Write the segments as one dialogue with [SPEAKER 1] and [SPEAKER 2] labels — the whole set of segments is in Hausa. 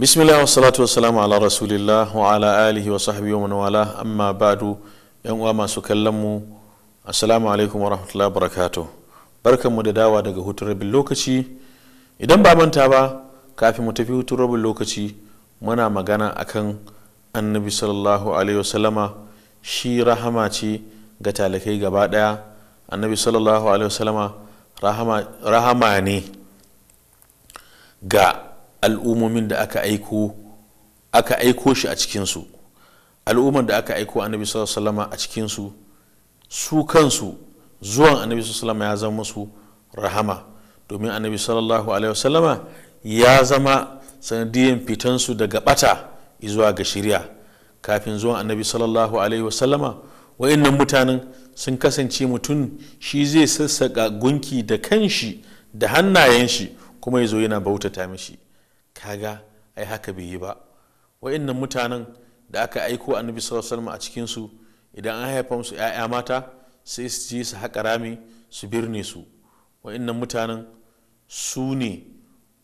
[SPEAKER 1] bismillah wasalatu wasalamu ala rasulillah wa ala alihi wa sahbihi wa wala amma ba'du yan uwa masu kallon mu assalamu alaikum wa rahmatullahi barakatuh barkan mu da dawa daga hutun rabin lokaci idan ba manta ba kafin mu tafi hutun rabin lokaci muna magana akan annabi sallallahu alaihi wasallama shi rahama ce ga talakai gaba daya annabi sallallahu alaihi wasallama rahama ne ga al'ummomin da aka aiko aka aiko shi a cikinsu al'ummar da aka aiko annabi sallallahu a cikinsu su kansu zuwan annabi sallallahu ya zama su rahama domin annabi sallallahu alaihi wasallam ya zama sanadiyan su daga bata zuwa ga shirya kafin zuwan annabi sallallahu alaihi wasallama wa'annan mutanen sun kasance mutum shi zai sassaƙa gunki da kanshi da hannayen shi kuma ya zo yana bautata mishi kaga ai haka bai yi ba wa'annan mutanen da aka aiko annabi sallallahu alaihi a cikin su idan an haifa musu ƴaƴa mata sai su ji su haƙa rami su birne su wa'annan mutanen su ne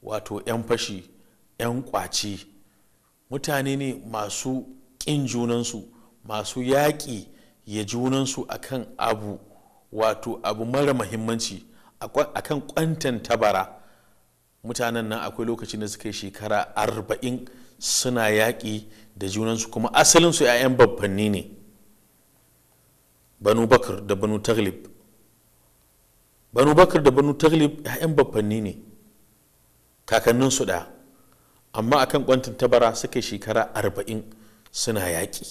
[SPEAKER 1] wato 'yan fashi 'yan ƙwace mutane ne masu ƙin junansu masu yaƙi ya junansu akan abu wato abu mara mahimmanci akan kwantan tabara mutanen nan akwai lokacin da suka yi shekara arba'in suna yaƙi da junansu kuma asalinsu 'ya'yan babbanni ne banu bakar da banu taglib banu bakar da banu taglib 'ya'yan babbanni ne kakanninsu ɗaya amma akan kwantin tabara suka shekara arba'in suna yaƙi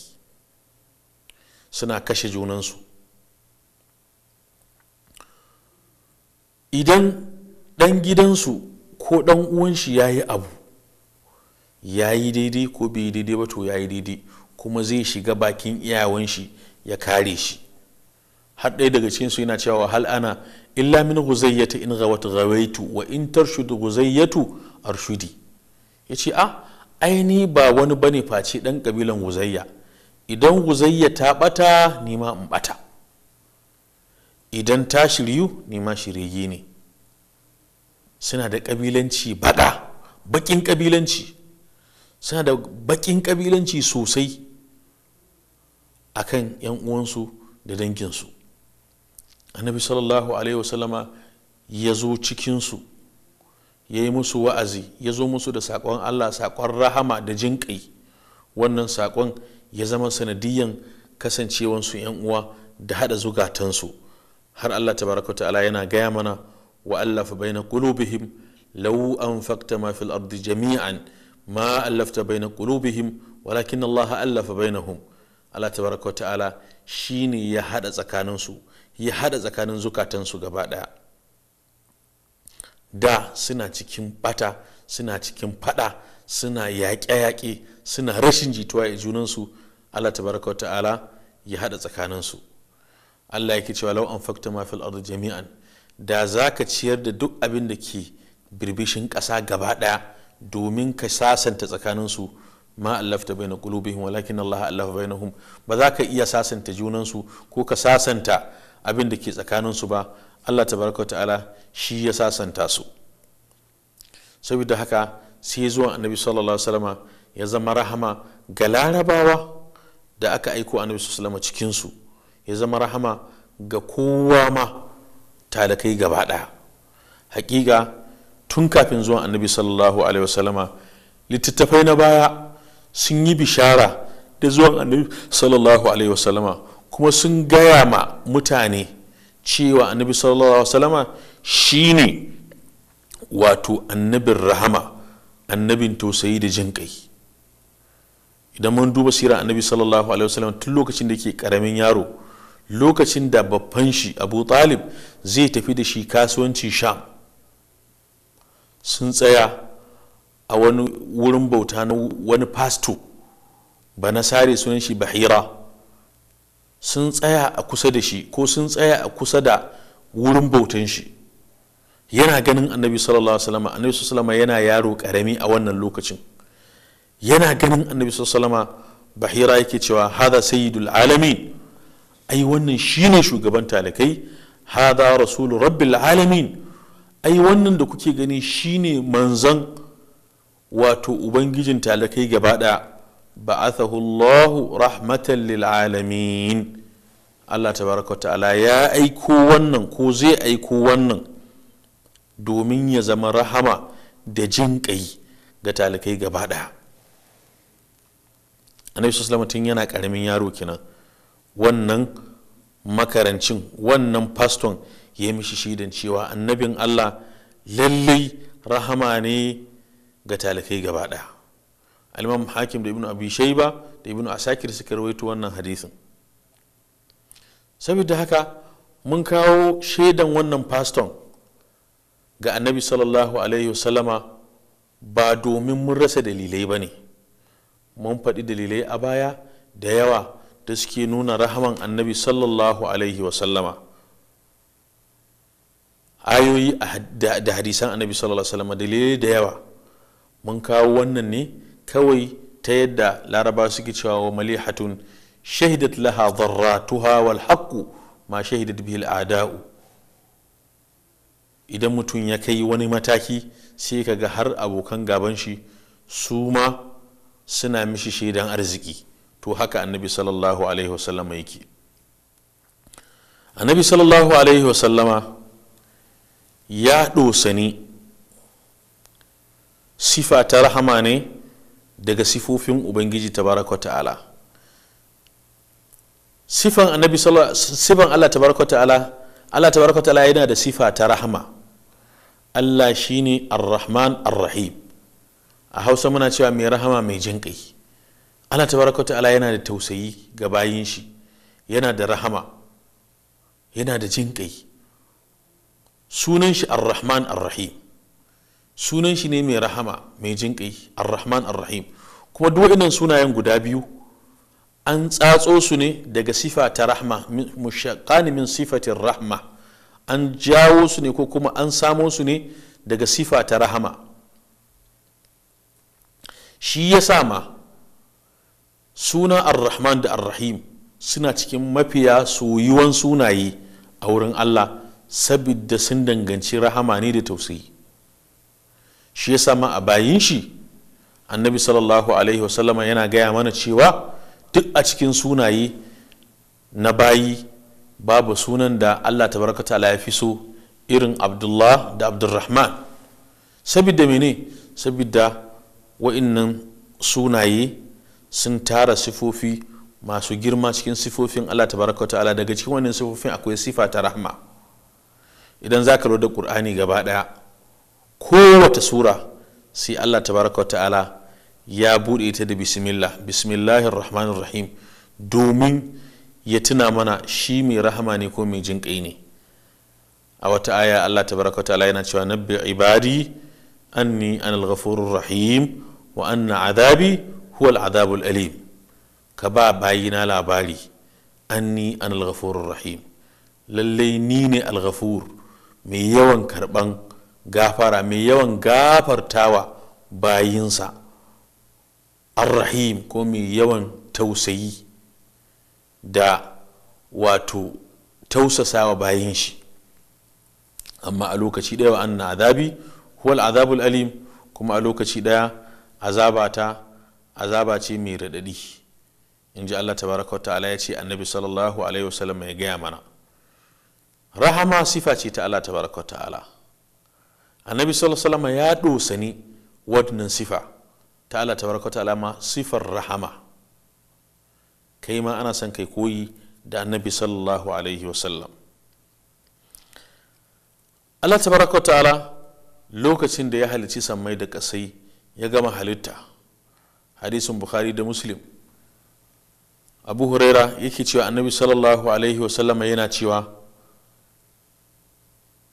[SPEAKER 1] suna kashe junansu idan ɗan gidansu ko ɗan uwan shi ya yi abu ya yi daidai ko bai yi daidai ba to ya yi daidai kuma zai shiga bakin iyawan shi ya kare shi har ɗaya daga cikin su yana cewa hal ana illa min guzayyata in gawat gawaitu wa in tarshudu guzayyatu arshudi ya ce a aini ba wani bane face ɗan kabilan guzayya idan guzayya ta ɓata nima in bata idan ta shiryu nima shirye ne suna da kabilanci baka bakin kabilanci suna da bakin kabilanci sosai kan yan uwansu da danginsu annabi sallallahu alaihi wasallama ya zo cikinsu ya yi musu wa'azi ya zo musu da saƙon allah saƙon rahama da jinƙai wannan saƙon ya zama sanadiyyan kasancewansu yan uwa da haɗa zugatansu har allah tabaraka ta'ala yana gaya mana wa allafa baina qulubihim law anfaqta ma fil jami'an ma allafta baina qulubihim walakin Allah allafa bainahum Allah tabaraka ta'ala shine ya hada tsakanin su ya haɗa tsakanin zukatan su gaba daya da suna cikin ɓata suna cikin faɗa suna yaƙe-yaƙe suna rashin jituwa a junansu Allah tabaraka ta'ala ya hada tsakanin su Allah yake cewa law anfaqta ma fil jami'an da za ka ciyar da duk abin da ke birbishin ƙasa gaba ɗaya domin ka sasanta tsakaninsu ma allafta bai na ƙulubihim walakin Allah Allah bai na ba za ka iya sasanta junansu ko ka sasanta abin da ke tsakaninsu ba Allah ta baraka ta'ala shi ya sasanta su saboda haka sai zuwa annabi sallallahu alaihi ya zama rahama ga larabawa da aka aiko annabi sallallahu alaihi cikinsu ya zama rahama ga kowa ma talakai gaba ɗaya hakika tun kafin zuwan annabi sallallahu alaihi wasallama littattafai na baya sun yi bishara da zuwan annabi sallallahu alaihi wasallama kuma sun gaya ma mutane cewa annabi sallallahu alaihi wasallama shine wato annabin rahama annabin tausayi da jin kai idan mun duba sirar annabi sallallahu alaihi wasallama tun lokacin da ke karamin yaro lokacin da babban shi abu talib zai tafi da shi kasuwanci sham sun tsaya a wani wurin bauta na wani pasto ba na sare sunan shi bahira sun tsaya a kusa da shi ko sun tsaya a kusa da wurin bautan shi yana ganin annabi sallallahu alaihi wasallam annabi sallallahu alaihi yana yaro karami a wannan lokacin yana ganin annabi sallallahu alaihi bahira yake cewa hada sayyidul alamin ai wannan shine shugaban talakai hada rasulu rabbil alamin ai wannan da kuke gani shine manzan. wato ubangijin talakai gaba ɗaya ba'athahu Allahu rahmatan lil alamin Allah tabaraka ta'ala ya aiko wannan ko zai aiko wannan domin ya zama rahama da jin ƙai ga talakai gaba ɗaya annabi sallallahu alaihi wasallam yana karamin yaro kenan wannan makarancin wannan faston ya mishi shidan cewa annabin allah lallai rahama ne ga talakai gaba ɗaya alimam hakim da ibnu abi shaiba da ibnu asakir suka rawaito wannan hadisin saboda haka mun kawo shaidan wannan faston ga annabi sallallahu alaihi wasallama ba domin mun rasa dalilai ba ne mun faɗi dalilai a baya da yawa da suke nuna rahaman annabi sallallahu alaihi wasallama ayoyi da hadisan annabi sallallahu alaihi wasallama dalilai da yawa mun kawo wannan ne kawai ta yadda laraba suke cewa wa malihatun shahidat laha dharratuha wal haqqu ma shahidat bihi ada'u idan mutum ya kai wani mataki sai ka ga har abokan gaban shi su ma suna mishi shaidan arziki to haka annabi sallallahu alaihi wasallama yake annabi sallallahu alaihi wasallama ya ni sifa ta rahama ne daga sifofin ubangiji tabaraka ta'ala sifan annabi sifan Allah tabaraka ta'ala Allah tabaraka ta'ala yana da sifa ta rahama Allah shine ar-rahman ar-rahim a Hausa muna cewa mai rahama mai jinƙai Allah tabaraka ta'ala yana da tausayi ga bayin shi yana da rahama yana da jinƙai sunan shi ar-rahman ar-rahim sunan shi ne mai rahama mai jinƙai ar-rahman ar-rahim kuma duk waɗannan sunayen guda biyu an tsatso su ne daga sifa ta rahma mushaqqani min sifatin rahma an jawo su ne ko kuma an samo su ne daga sifa ta rahama shi ya sama suna ar-rahman da ar-rahim suna cikin mafiya soyuwan sunaye a wurin allah saboda sun danganci rahama ne da tausayi shi ya sama a bayin shi annabi sallallahu alaihi wasallama yana gaya mana cewa duk a cikin sunaye na bayi babu sunan da allah tabaraka ta'ala ya fi so irin abdullah da abdulrahman sabida mene sabida wa'innan sunaye sun tara sifofi masu girma cikin sifofin Allah tabaraka wa ta'ala daga cikin wannan sifofin akwai sifa ta rahma idan za ka da kur'ani gaba ɗaya kowace sura sai Allah tabaraka wa ta'ala ya buɗe ta da bismillah bismillahir rahmanir rahim domin ya tuna mana shi mai rahama ne ko mai jinƙai ne a wata aya Allah tabaraka wa ta'ala yana cewa nabbi ibadi anni anal ghafurur rahim wa anna adabi huwal azabul alim ka ba bayina labari anni an alghafurur rahim lallai ni ne alghafur mai yawan karban gafara mai yawan gafartawa bayinsa arrahim ko mai yawan tausayi da wato tausasawa bayin shi amma a lokaci ɗaya wa anna azabi huwal azabul alim kuma a lokaci ɗaya azabata azaba ce mai raɗaɗi in ji allah tabaraka ta'ala ya ce annabi sallallahu alaihi wasallam ya gaya mana rahama sifa ce ta allah ta tabaraka ta'ala annabi sallallahu alaihi wasallam ya ni wadannan sifa ta allah ta tabaraka ta'ala ma sifar rahama kai ma ana son kai koyi da annabi sallallahu alaihi wasallam allah ta tabaraka ta'ala lokacin da ya halicci sammai da kasai ya gama halitta hadisin bukhari da muslim abu huraira yake cewa annabi sallallahu alaihi wasallama yana cewa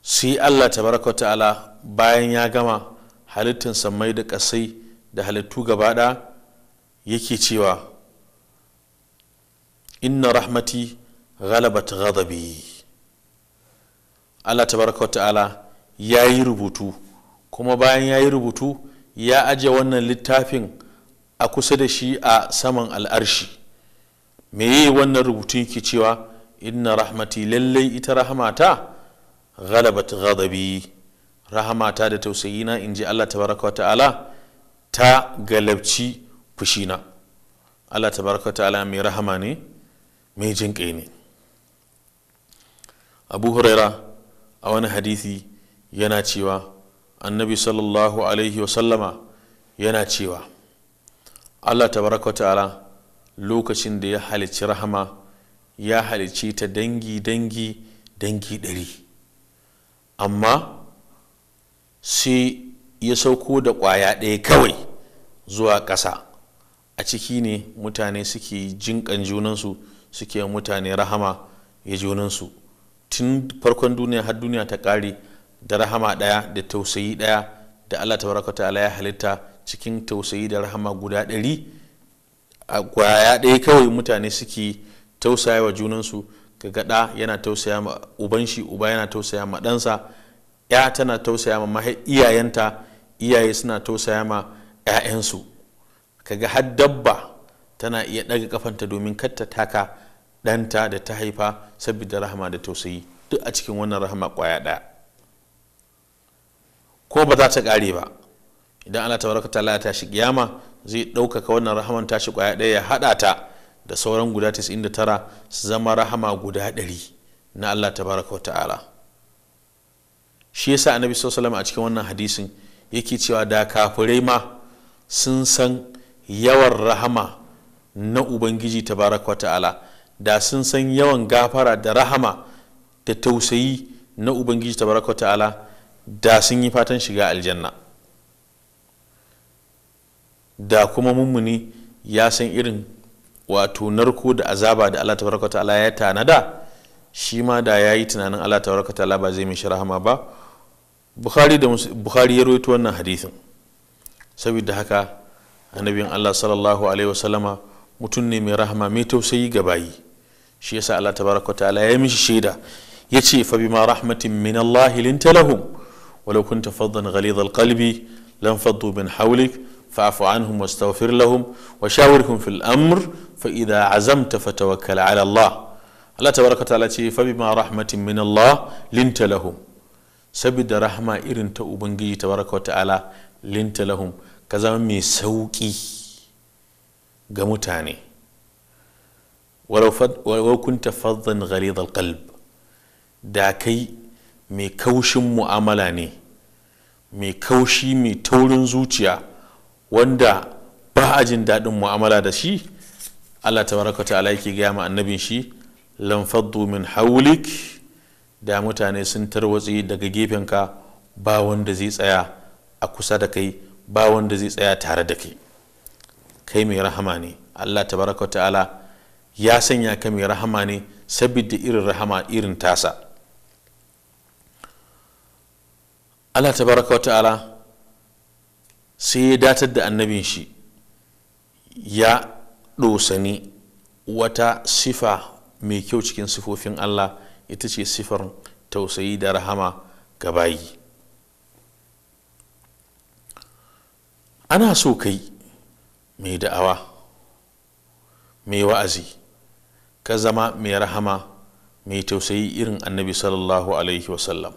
[SPEAKER 1] su yi allah tabaraka ta'ala bayan ya gama halittin sammai da kasai da halittu gabaɗa yake cewa inna rahmati ghalabat ghadabi allah tabaraka ta'ala ya yi rubutu kuma bayan ya yi rubutu ya aje wannan littafin a kusa da shi a saman al'arshi meye wannan rubutu yake cewa inna rahmati lallai ita rahmata ghalabat ghadabi rahmata da tausayina in ji Allah tabaraka ta'ala ta galabci fushina Allah tabaraka ta'ala mai rahama ne mai jin ne abu huraira a wani hadisi yana cewa annabi sallallahu alaihi wasallama yana cewa allah tabaraka ta'ala lokacin da ya halicci rahama ya halicci ta dangi dangi dangi ɗari amma sai ya sauko da ƙwaya ɗaya kawai zuwa ƙasa a ciki ne mutane suke jinƙan junansu suke mutane rahama ya junansu tun farkon duniya har duniya ta ƙare da rahama ɗaya da tausayi ɗaya da allah tabaraka ta'ala ya halitta cikin tausayi da rahama guda ɗari a kwaya ɗaya kawai mutane suke tausaya wa junansu ga gada yana tausaya ma uban shi uba yana tausaya ma ɗansa ya tana tausaya ma iyayenta iyaye suna tausaya ma 'ya'yansu kaga har dabba tana iya ɗaga kafanta domin katta taka ɗanta da ta haifa saboda rahama da tausayi duk a cikin wannan rahama kwaya ɗaya ko ba za ta ƙare ba idan Allah tabaraka ta'ala ya tashi kiyama zai ɗaukaka wannan rahaman tashi kwaya ɗaya ya haɗa ta da sauran guda 99 su zama rahama guda ɗari na Allah tabaraka ta'ala shi yasa annabi sallallahu a cikin wannan hadisin yake cewa da kafirai ma sun san yawan rahama na ubangiji tabaraka ta'ala da sun san yawan gafara da rahama da tausayi na ubangiji tabaraka ta'ala da sun yi fatan shiga aljanna da kuma mummuni ya san irin wato narko da azaba da Allah tabaraka ta'ala ya tanada shi ma da ya yi tunanin Allah tabaraka ta'ala ba zai mishi rahama ba bukhari da bukhari ya rawaito wannan hadisin saboda haka annabin Allah sallallahu alaihi wasallama mutum ne mai rahama mai tausayi ga bayi shi yasa Allah tabaraka ta'ala ya mishi shaida yace fa bima rahmatin min Allah linta lahum walau kunta faddan ghalidhal qalbi lam faddu min hawlik فاعف عنهم واستغفر لهم وشاورهم في الأمر فإذا عزمت فتوكل على الله الله تبارك وتعالى فبما رحمة من الله لنت لهم سبد رحمة إرن تأوبنجي تبارك وتعالى لنت لهم كذا مي سوكي قمتاني ولو, فد ولو كنت فظا غليظ القلب داكي مي كوش معاملاني مي كوشي مي تولن زوتيا wanda ba a jin daɗin mu'amala da shi allah tabaraka ta'ala yake gaya ma annabin shi lamfaddu min haulik da mutane sun tarwatsi daga gefenka ba wanda zai tsaya a kusa da kai ba wanda zai tsaya tare da kai kai mai rahama ne allah tabaraka ta'ala ya sanya ka mai rahama ne sabida irin rahama irin tasa allah tabaraka ta'ala sai ya datar da annabin shi ya ɗosani wata sifa mai kyau cikin sifofin Allah ita ce sifar tausayi da rahama ga bayi ana so kai mai da'awa mai wa'azi ka zama mai rahama mai tausayi irin annabi sallallahu alaihi wasallam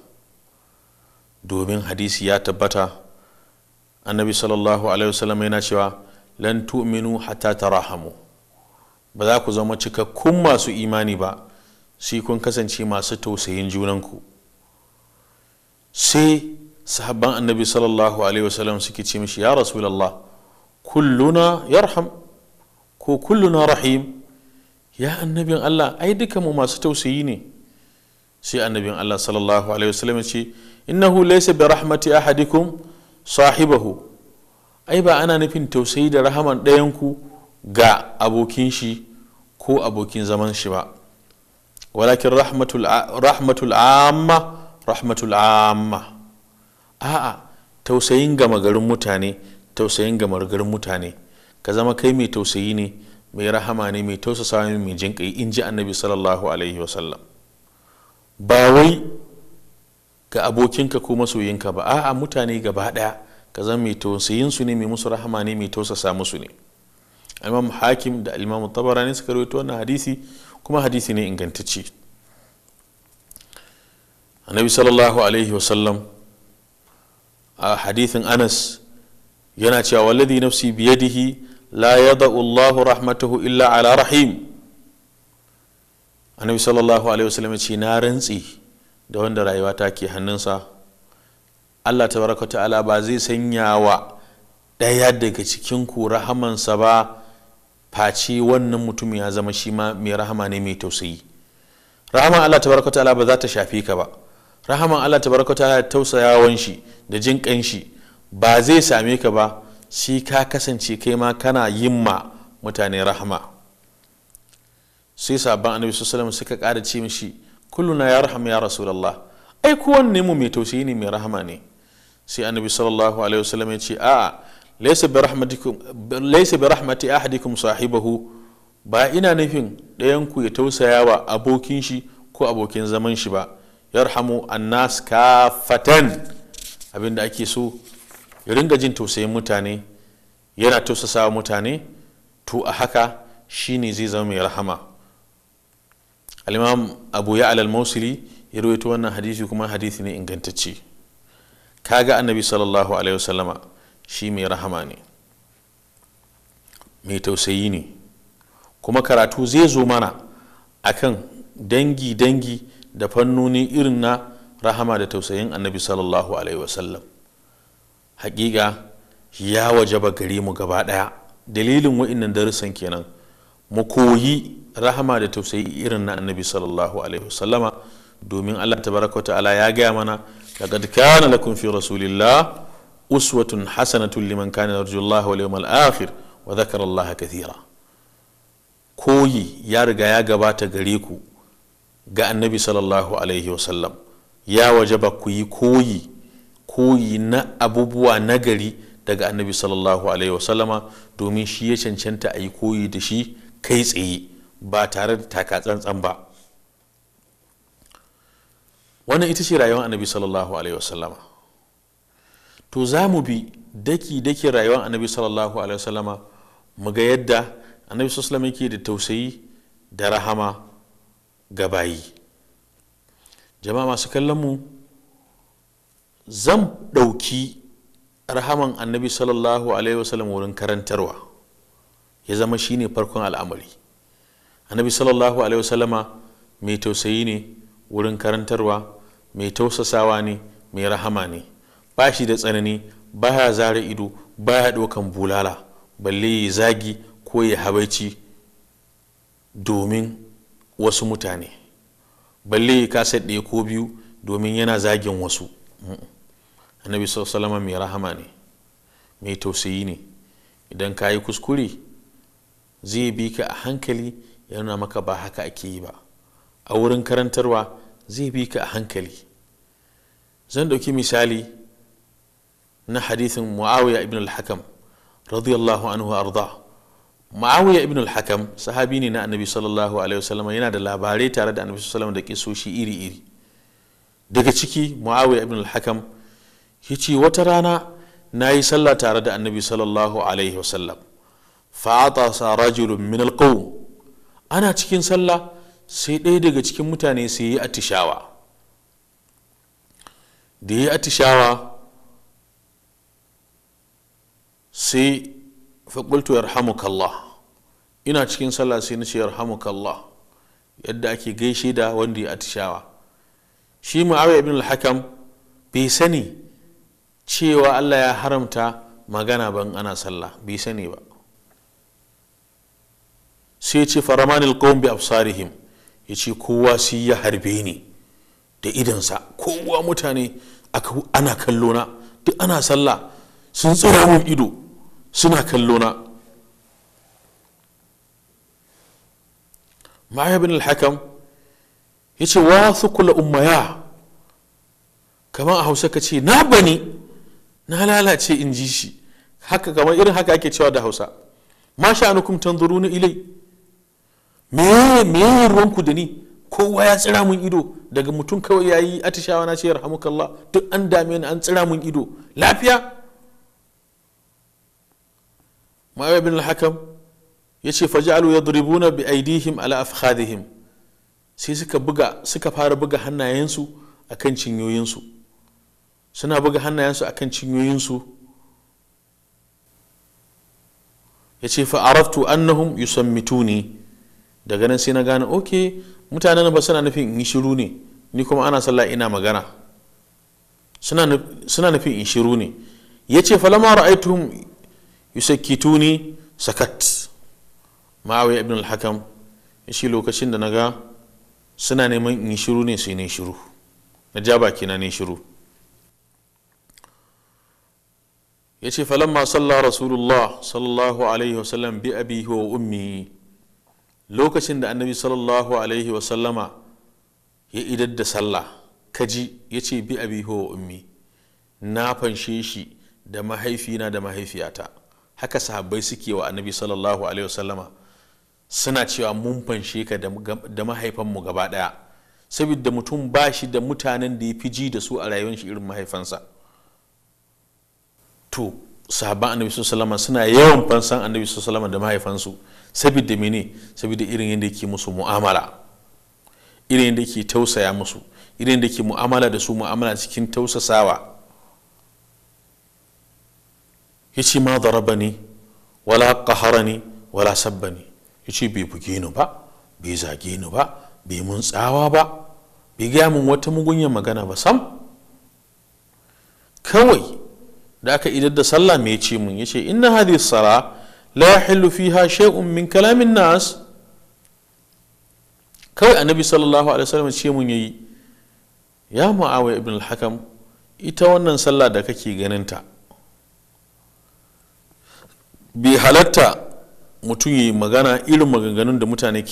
[SPEAKER 1] domin hadisi ya tabbata annabi sallallahu alaihi wasallam yana cewa lan tu'minu hatta tarahamu ba za ku zama cikakkun masu imani ba sai kun kasance masu tausayin junanku sai sahabban annabi sallallahu alaihi wasallam suke ce mishi ya rasulallah kulluna yarham ko kulluna rahim ya annabin Allah ai mu masu tausayi ne sai annabin Allah sallallahu alaihi wasallam ya ce innahu laysa bi rahmati ahadikum sahibahu ai ba ana nufin tausayi da rahaman ɗayanku ga abokin shi ko abokin zaman shi ba walakin rahmatul amma rahmatul amma a'a tausayin gama garin mutane tausayin gama garin mutane ka zama kai mai tausayi ne mai rahama ne mai tausasa mai jinkai, in ji annabi sallallahu alaihi wasallam ba wai ga abokinka ko masoyinka ba a'a mutane gaba ɗaya ka zan mai tausayin su ne mai musu rahama ne mai tausasa musu ne imam hakim da imam tabarani suka rawaito wannan hadisi kuma hadisi ne ingantacce annabi sallallahu alaihi sallam a hadithin anas yana cewa walladhi nafsi biyadihi la yada'u allah rahmatahu illa ala rahim annabi sallallahu alaihi wa sallam ya ce na rantsi da wanda rayuwa ta ke hannunsa allah ta baraka ta'ala ba zai sanya wa ɗaya daga cikin ku rahamansa ba face wannan mutum ya zama shi ma mai rahama ne mai tausayi rahama allah ta baraka ta'ala ba za ta shafe ka ba rahama allah ta baraka ta'ala tausayawan shi da jin kan shi ba zai same ka ba shi ka kasance kai ma kana yin ma mutane rahama sai sabon annabi sallallahu suka ƙara ce mishi na ya rahama ya rasulallah ai kowanne mu mai tausayi ne mai rahama ne sai annabi sallallahu alaihi wasallam ya ce a laysa bi rahmatikum rahmati ahadikum sahibahu ba ina nufin ɗayan ku ya tausaya wa abokin shi ko abokin zaman shi ba yarhamu annas abin abinda ake so ya ringa jin tausayin mutane yana tausasa mutane to a haka shine zai zama mai rahama al'imam abu ya alal mausili ya rawaito wannan hadisi kuma hadisi ne ingantacce kaga annabi sallallahu alaihi wasallama shi mai rahama ne mai tausayi ne kuma karatu zai zo mana akan dangi-dangi da fannoni irin na rahama da tausayin annabi sallallahu alaihi wasallam hakika ya wajaba gare mu gaba daya dalilin wa'innan darussan kenan mu koyi rahama da tausayi irin na annabi sallallahu alaihi wasallama domin Allah tabaraka ta'ala ya gaya mana laqad kana lakum fi rasulillah uswatun hasanatun liman kana yarju Allah wal yawmal akhir wa dhakara Allah kathira koyi ya riga ya gabata gare ku ga annabi sallallahu alaihi wasallam ya wajaba ku yi koyi koyi na abubuwa nagari daga annabi sallallahu alaihi wasallama domin shi ya cancanta a yi koyi da shi kai tsaye ba tare da taka tsantsan ba wannan ita ce rayuwar annabi sallallahu alaihi wasallama to za mu bi daki daki rayuwar annabi sallallahu alaihi wasallama mu ga yadda annabi sallallahu alaihi yake da tausayi da rahama ga bayi jama'a masu kallon mu zan ɗauki rahaman annabi sallallahu alaihi wasallam wurin karantarwa ya zama shine farkon al'amari annabi sallallahu alaihi wasallama mai tausayi ne wurin karantarwa mai tausasawa ne mai rahama ne ba shi da tsanani ba ya zara ido ba ya ɗaukan bulala balle ya zagi ko ya habaici domin wasu mutane balle ya kasa ɗaya ko biyu domin yana zagin wasu annabi sallallahu alaihi wasallama mai rahama ne mai tausayi ne idan ka yi kuskure zai bi ka a hankali ya nuna maka ba haka ake yi ba a wurin karantarwa zai bi ka a hankali zan ɗauki misali na hadithin muawiya ibn al-hakam radiyallahu anhu arda muawiya ibn al-hakam sahabi ne na annabi sallallahu alaihi wasallam yana da labarai tare da annabi sallallahu alaihi wasallam da kisoshi iri-iri daga ciki muawiya ibn al-hakam ya wata rana na yi sallah tare da annabi sallallahu alaihi wasallam fa'atasa rajulun min alqawm ana cikin sallah sai ɗaya daga cikin mutane sai yi atishawa da yi atishawa sai faƙultu yarhamukallah ina cikin sallah sai na ce yarhamukallah yadda ake gaishe da wanda ya atishawa shi ma'awiya ibn al-hakam bai sani cewa Allah ya haramta magana ban ana sallah bai sani ba sai ce faramanil qawm bi absarihim yace kowa sai ya harbe ni da idansa kowa mutane ana kallo na duk ana sallah sun tsira mun ido suna kallo na ma'aya bin al-hakam yace wa kula ummaya kamar a hausa ka ce na bani na lalace in ji shi haka kamar irin haka ake cewa da hausa ma sha'anukum tanzuruna ilai me me ruwanku da ni kowa ya tsira mun ido daga mutum kawai ya yi atishawa na ce yarhamukallah duk an dame ni an tsira mun ido lafiya ma'ayyar bin hakam ya ce faja'alu yadribuna bi aidihim ala afkhadihim sai suka buga suka fara buga hannayensu akan cinyoyinsu suna buga hannayensu akan cinyoyinsu ya ce fa'araftu annahum yusammituni daga nan sai na gane ok mutanen ba suna nufin in shiru ne ni kuma ana sallah ina magana suna nufin in shiru ne ya ce falama ra'aituhum tuni sakat ma'awai ibn al-hakam shi lokacin da na ga suna neman in shiru ne sai ne shiru na ja baki na ne shiru ya ce falama sallah rasulullah sallallahu alaihi wasallam bi abi wa ummi lokacin da annabi sallallahu alaihi wasallama ya idar da sallah kaji ya ce bi abi wa ummi na fanshe shi da mahaifina da mahaifiyata haka sahabbai suke wa annabi sallallahu alaihi wasallama suna cewa mun fanshe ka da mahaifanmu gaba daya saboda mutum ba shi da mutanen da ya fi ji da su a rayuwar shi irin mahaifansa to sahabban annabi sallallahu suna yawan fansan annabi sallallahu da mahaifansu saboda mene saboda irin yadda yake musu mu'amala irin yadda yake tausaya musu irin yadda yake mu'amala da su mu'amala cikin tausasawa yace ma darabani wala qaharani wala sabbani yace bai buge ni ba bai zage ni ba bai mun tsawa ba bai gaya min wata mugunyar magana ba sam kawai da aka idar da sallah me ce mun yace inna hadhihi sala la yahillu fiha shay'un min kalamin nas kawai annabi sallallahu alaihi wasallam ce mun yayi ya muawiya ibn al-hakam ita wannan sallah da kake ganin ta bai halatta mutum yi magana irin maganganun da mutane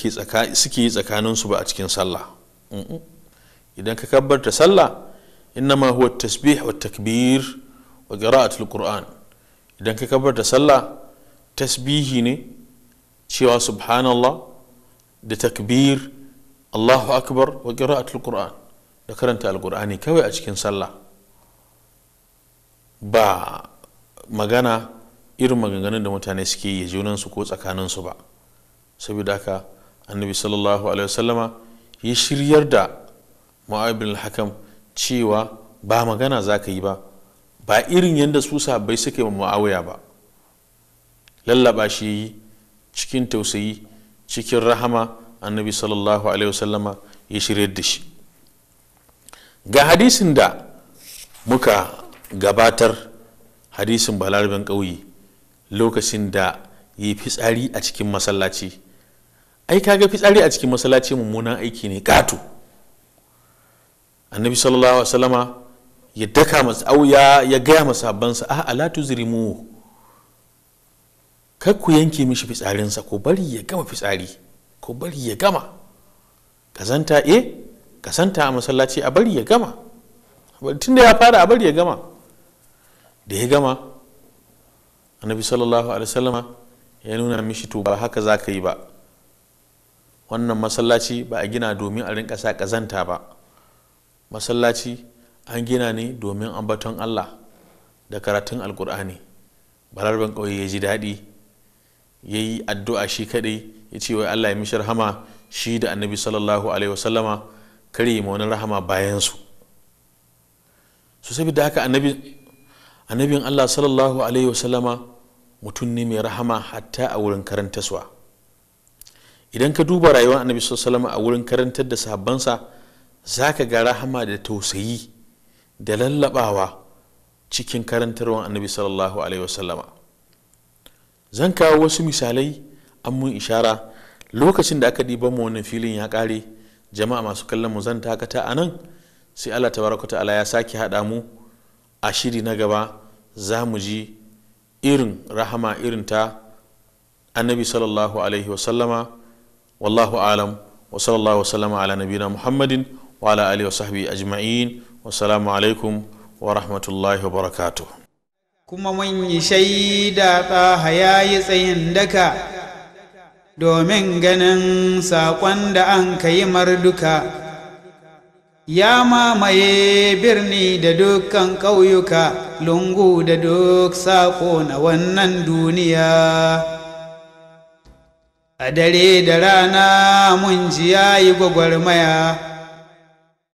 [SPEAKER 1] suke yi tsakanin su ba a cikin sallah idan ka kabbarta sallah innama huwa tasbih wa takbir wa qira'atul qur'an idan ka da sallah tasbihi ne cewa subhanallah da takbir allahu akbar wa qira'atul qur'an da karanta alqur'ani kawai a cikin sallah ba magana irin maganganun da mutane suke yi junansu ko tsakaninsu ba saboda haka annabi sallallahu alaihi wasallama ya shiryar da mu'ayyar hakam cewa ba magana za ka yi ba ba irin yadda su sabai suke wa muawiya ba lallaba shi yi cikin tausayi cikin rahama annabi sallallahu alaihi wasallama ya shirya da shi ga hadisin da muka gabatar hadisin balarabin ƙauye lokacin da ya yi fitsari a cikin masallaci ai kaga fitsari a cikin masallaci mummunan aiki ne kato annabi sallallahu alaihi wasallama ya daka masu auya ya gaya masu habbansa a ala tuzrimu kar ku yanke mishi fitsarinsa ko bari ya gama fitsari ko bari ya gama kazanta e eh, kasanta a masallaci a bari ya gama tunda ya fara a bari ya gama da ya gama annabi sallallahu alaihi wasallama ya nuna mishi to ba haka za ka yi ba wannan masallaci ba a gina domin a rinka sa kazanta ba masallaci an gina ne domin ambaton allah da karatun alkur'ani balarban ƙauye ya ji daɗi ya yi addu'a shi kaɗai ya ce wai allah ya mishi rahama shi da annabi sallallahu alaihi wasallama kare ma wani rahama bayansu su da haka annabin allah sallallahu alaihi wasallama mutum ne mai rahama hatta a wurin suwa idan ka duba rayuwar annabi sallallahu a wurin karantar da sahabbansa za ka ga rahama da tausayi da lallabawa cikin karantarwar annabi sallallahu alaihi wasallama zan kawo wasu misalai an mun ishara lokacin da aka ɗiba mu wannan filin ya ƙare jama'a masu kallon mu zan takata a nan sai allah tabaraka ta'ala ya sake haɗa mu a shiri na gaba za mu ji irin rahama irin ta annabi sallallahu alaihi wasallama wallahu alam wa sallallahu wasallama ala nabina muhammadin wa ala alihi wa sahbihi ajma'in wasalamu alaikum wa rahmatullahi wa barakatuh kuma mun yi shaida tsaha ya yi tsayin daka domin ganin saƙon da an ka yi marduka ya mamaye birni da dukkan ƙauyuka lungu da duk saƙo na wannan duniya a dare da rana mun ji ya yi gwagwarmaya